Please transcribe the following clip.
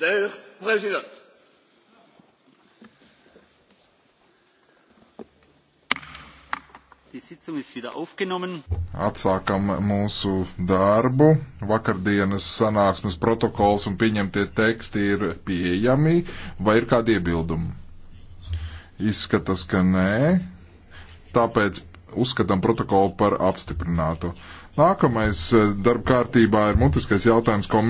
der Präsident! Atsākam mūsu darbu. Vakardienas sanāksmes protokols un pieņemtie teksti ir pieejami. Vai ir kādi iebildumi? Izskatās, ka nē. Tāpēc uzskatām protokolu par apstiprinātu. Nākamais eh, darba kārtībā ir mutiskais jautājums, ko